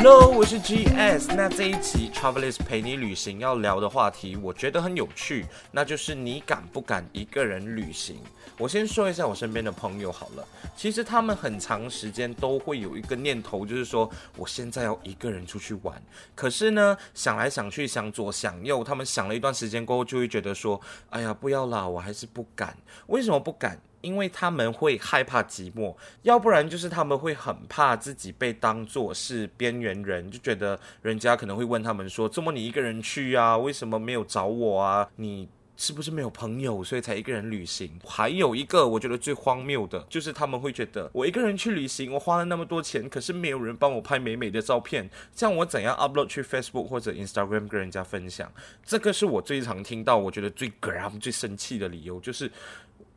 Hello，我是 GS。那這一集《Travelist 陪你旅行》要聊的話題，我覺得很有趣，那就是你敢不敢一個人旅行？我先說一下我身邊的朋友好了，其實他們很長時間都會有一個念頭，就是說我現在要一個人出去玩。可是呢，想來想去，想左想右，他們想了一段時間過後，就會覺得說，哎呀，不要啦，我還是不敢。為什麼不敢？因為他們會害怕寂寞，要不然就是他們會很怕自己被當作是邊緣人，就覺得人家可能會問他們說：“怎麼你一個人去啊？為什麼沒有找我啊？你是不是沒有朋友，所以才一個人旅行？”還有一個我覺得最荒謬的，就是他們會覺得我一個人去旅行，我花了那麼多錢，可是沒有人幫我拍美美的照片，這樣我怎樣 upload 去 Facebook 或者 Instagram 跟人家分享？這個是我最常聽到，我覺得最 gram 最生氣的理由，就是。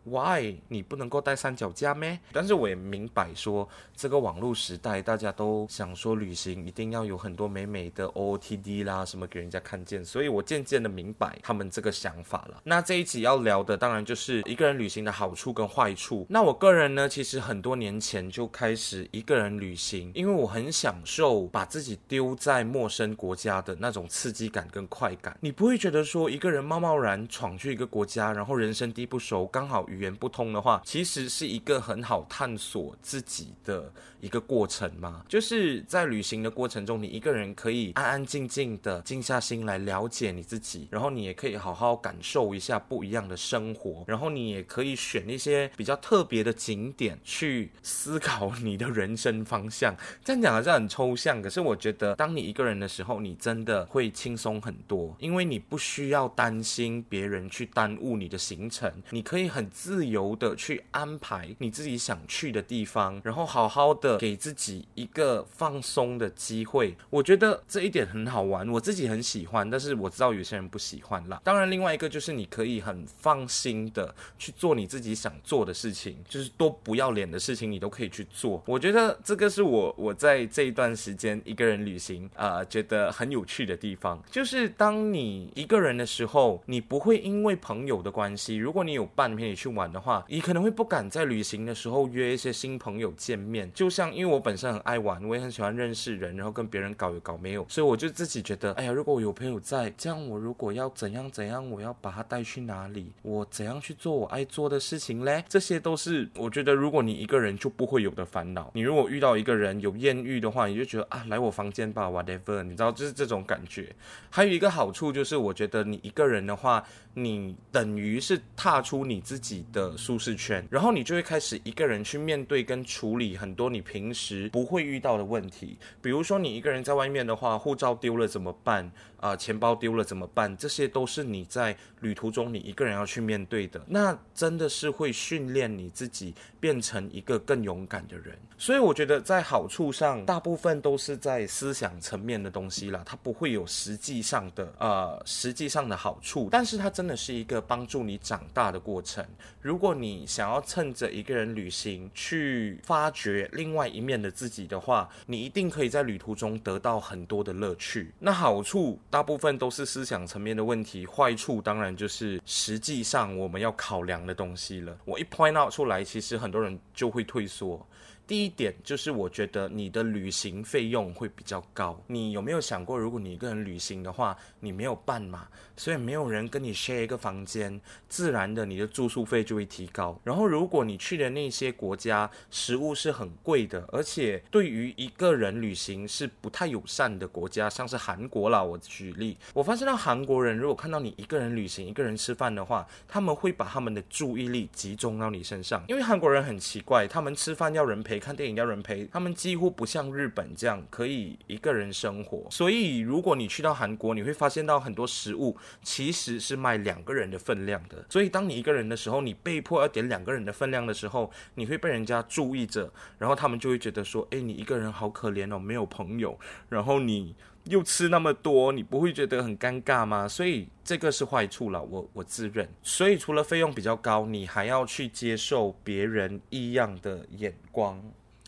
Why 你不能夠帶三腳架咩？但是我也明白說，這個網絡時代，大家都想說旅行一定要有很多美美的 OOTD 啦什麼給人家看見，所以我漸漸的明白他們這個想法了。那這一集要聊的當然就是一個人旅行的好處跟壞處。那我個人呢，其實很多年前就開始一個人旅行，因為我很享受把自己丟在陌生國家的那種刺激感跟快感。你不會覺得說一個人貿貿然闖去一個國家，然後人生地不熟，剛好。語言不通的話，其實是一個很好探索自己的一個過程嘛。就是在旅行的過程中，你一個人可以安安靜靜的靜下心來了解你自己，然後你也可以好好感受一下不一樣的生活，然後你也可以選一些比較特別的景點去思考你的人生方向。這樣講好像很抽象，可是我覺得當你一個人的時候，你真的會輕鬆很多，因為你不需要擔心別人去耽誤你的行程，你可以很。自由的去安排你自己想去的地方，然後好好的給自己一個放鬆的機會。我覺得這一點很好玩，我自己很喜歡，但是我知道有些人不喜歡啦。當然，另外一個就是你可以很放心的去做你自己想做的事情，就是多不要臉的事情你都可以去做。我覺得這個是我我在這一段時間一個人旅行啊、呃、覺得很有趣的地方，就是當你一個人的時候，你不會因為朋友的關係，如果你有半天你去。玩的話，你可能會不敢在旅行的時候約一些新朋友見面。就像因為我本身很愛玩，我也很喜歡認識人，然後跟別人搞有搞沒有，所以我就自己覺得，哎呀，如果我有朋友在，這樣我如果要怎樣怎樣，我要把他帶去哪裡，我怎樣去做我愛做的事情嘞？這些都是我覺得，如果你一個人就不會有的煩惱。你如果遇到一個人有豔遇的話，你就覺得啊，來我房間吧，whatever，你知道，就是這種感覺。還有一個好處就是，我覺得你一個人的話，你等於是踏出你自己的舒適圈，然後你就會開始一個人去面對跟處理很多你平時不會遇到的問題。比如說你一個人在外面的話，護照丟了怎麼辦？啊、呃，錢包丟了怎麼辦？這些都是你在旅途中你一個人要去面對的，那真的是會訓練你自己變成一個更勇敢的人。所以我覺得在好處上，大部分都是在思想層面的東西啦，它不會有實際上的呃實際上的好處，但是它真的是一個幫助你長大的過程。如果你想要趁着一個人旅行去發掘另外一面的自己的話，你一定可以在旅途中得到很多的樂趣。那好處大部分都是思想層面的問題，壞處當然就是實際上我們要考量的東西了。我一 point out 出來，其實很多人就會退縮。第一點就是，我覺得你的旅行費用會比較高。你有沒有想過，如果你一個人旅行的話，你沒有伴嘛，所以沒有人跟你 share 一個房間，自然的你的住宿費就會提高。然後，如果你去的那些國家食物是很貴的，而且對於一個人旅行是不太友善的國家，像是韓國啦，我舉例，我發現到韓國人如果看到你一個人旅行、一個人吃飯的話，他們會把他們的注意力集中到你身上，因為韓國人很奇怪，他們吃飯要人陪。陪看電影，要人陪，他們幾乎不像日本這樣可以一個人生活。所以，如果你去到韓國，你會發現到很多食物其實是賣兩個人的分量的。所以，當你一個人的時候，你被迫要點兩個人的分量的時候，你會被人家注意着，然後他們就會覺得說：“誒，你一個人好可憐哦，沒有朋友。”然後你。又吃那麼多，你不會覺得很尷尬嗎？所以這個是壞處了，我我自認。所以除了費用比較高，你還要去接受別人異樣的眼光。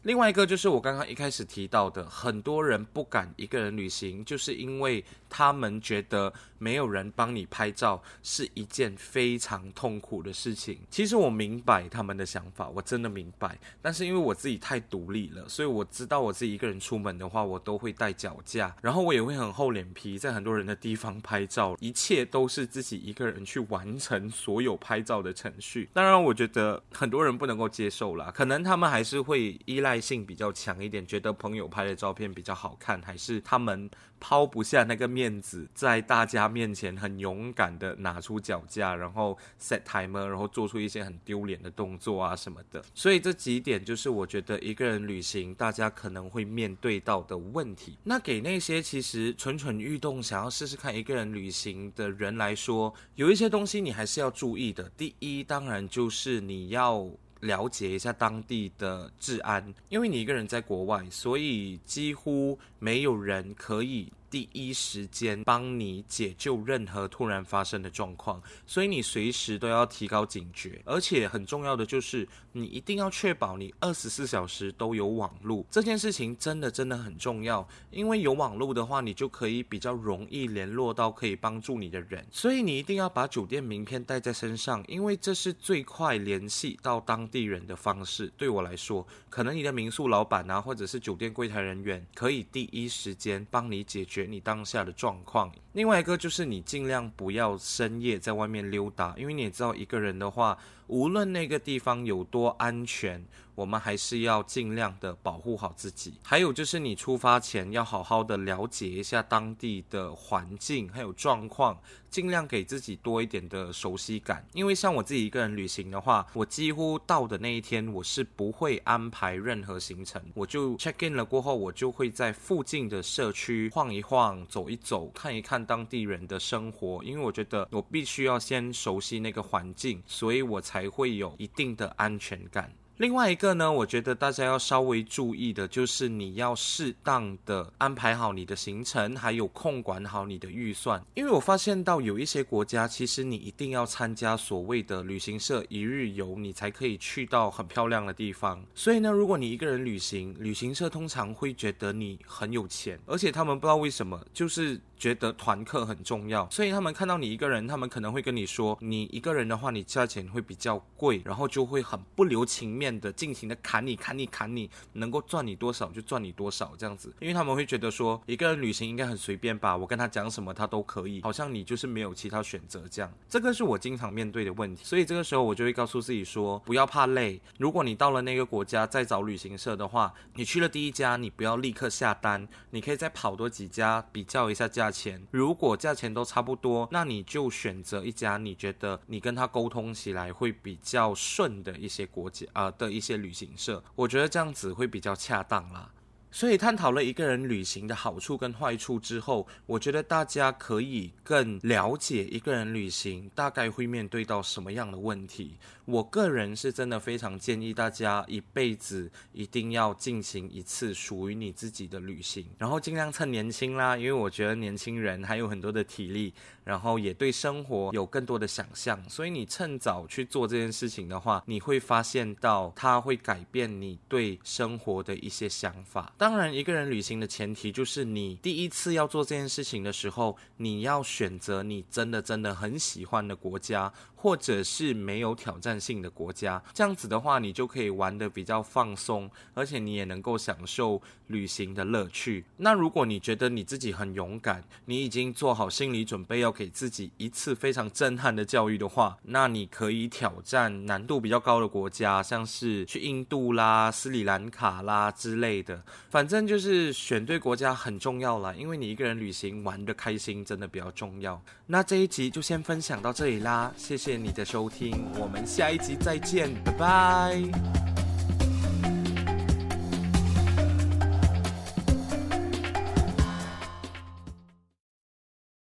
另外一個就是我剛剛一開始提到的，很多人不敢一個人旅行，就是因為。他們覺得沒有人幫你拍照是一件非常痛苦的事情。其實我明白他們的想法，我真的明白。但是因為我自己太獨立了，所以我知道我自己一個人出門的話，我都會帶腳架，然後我也會很厚臉皮在很多人的地方拍照，一切都是自己一個人去完成所有拍照的程序。當然，我覺得很多人不能夠接受啦，可能他們還是會依賴性比較強一點，覺得朋友拍的照片比較好看，還是他們。拋不下那個面子，在大家面前很勇敢的拿出腳架，然後 set timer，然後做出一些很丟臉的動作啊什麼的。所以這幾點就是我覺得一個人旅行大家可能會面對到的問題。那給那些其實蠢蠢欲動想要試試看一個人旅行的人來說，有一些東西你還是要注意的。第一，當然就是你要。了解一下當地的治安，因為你一個人在國外，所以幾乎沒有人可以。第一時間幫你解救任何突然發生的狀況，所以你隨時都要提高警覺，而且很重要的就是你一定要確保你二十四小時都有網路，這件事情真的真的很重要，因為有網路的話，你就可以比較容易聯絡到可以幫助你的人，所以你一定要把酒店名片帶在身上，因為這是最快聯繫到當地人的方式。對我來說，可能你的民宿老闆啊，或者是酒店櫃檯人員，可以第一時間幫你解決。你當下的狀況。另外一個就是你盡量不要深夜在外面溜達，因為你也知道，一個人的話，無論那個地方有多安全，我們還是要盡量的保護好自己。還有就是你出發前要好好的了解一下當地的環境還有狀況，盡量給自己多一點的熟悉感。因為像我自己一個人旅行的話，我幾乎到的那一天我是不會安排任何行程，我就 check in 了過後，我就會在附近的社區晃一晃，走一走，看一看。當地人的生活，因為我覺得我必須要先熟悉那個環境，所以我才會有一定的安全感。另外一個呢，我覺得大家要稍微注意的，就是你要適當的安排好你的行程，還有控管好你的預算。因為我發現到有一些國家，其實你一定要參加所謂的旅行社一日遊，你才可以去到很漂亮的地方。所以呢，如果你一個人旅行，旅行社通常會覺得你很有錢，而且他們不知道為什麼，就是覺得團客很重要。所以他們看到你一個人，他們可能會跟你說，你一個人的話，你價錢會比較貴，然後就會很不留情面。面的，盡情的砍你，砍你，砍你，能夠賺你多少就賺你多少，這樣子，因為他們會覺得說，一個人旅行應該很隨便吧，我跟他講什麼他都可以，好像你就是沒有其他選擇這樣。這個是我經常面對的問題，所以這個時候我就會告訴自己說，不要怕累。如果你到了那個國家再找旅行社的話，你去了第一家，你不要立刻下單，你可以再跑多幾家比較一下價錢。如果價錢都差不多，那你就選擇一家你覺得你跟他溝通起來會比較順的一些國家，啊、呃的一些旅行社，我覺得這樣子會比較恰當啦。所以探討了一個人旅行的好處跟壞處之後，我覺得大家可以更了解一個人旅行大概會面對到什麼樣的問題。我個人是真的非常建議大家一輩子一定要進行一次屬於你自己的旅行，然後盡量趁年輕啦，因為我覺得年輕人還有很多的體力，然後也對生活有更多的想象。所以你趁早去做這件事情的話，你會發現到它會改變你對生活的一些想法。當然，一個人旅行的前提就是，你第一次要做這件事情的時候，你要選擇你真的真的很喜歡的國家。或者是沒有挑戰性的國家，這樣子的話，你就可以玩得比較放鬆，而且你也能夠享受旅行的樂趣。那如果你覺得你自己很勇敢，你已經做好心理準備要給自己一次非常震撼的教育的話，那你可以挑戰難度比較高的國家，像是去印度啦、斯里蘭卡啦之類的。反正就是選對國家很重要啦，因為你一個人旅行玩得開心真的比較重要。那這一集就先分享到這裡啦，謝謝你的收聽，我們下一集再見，拜拜。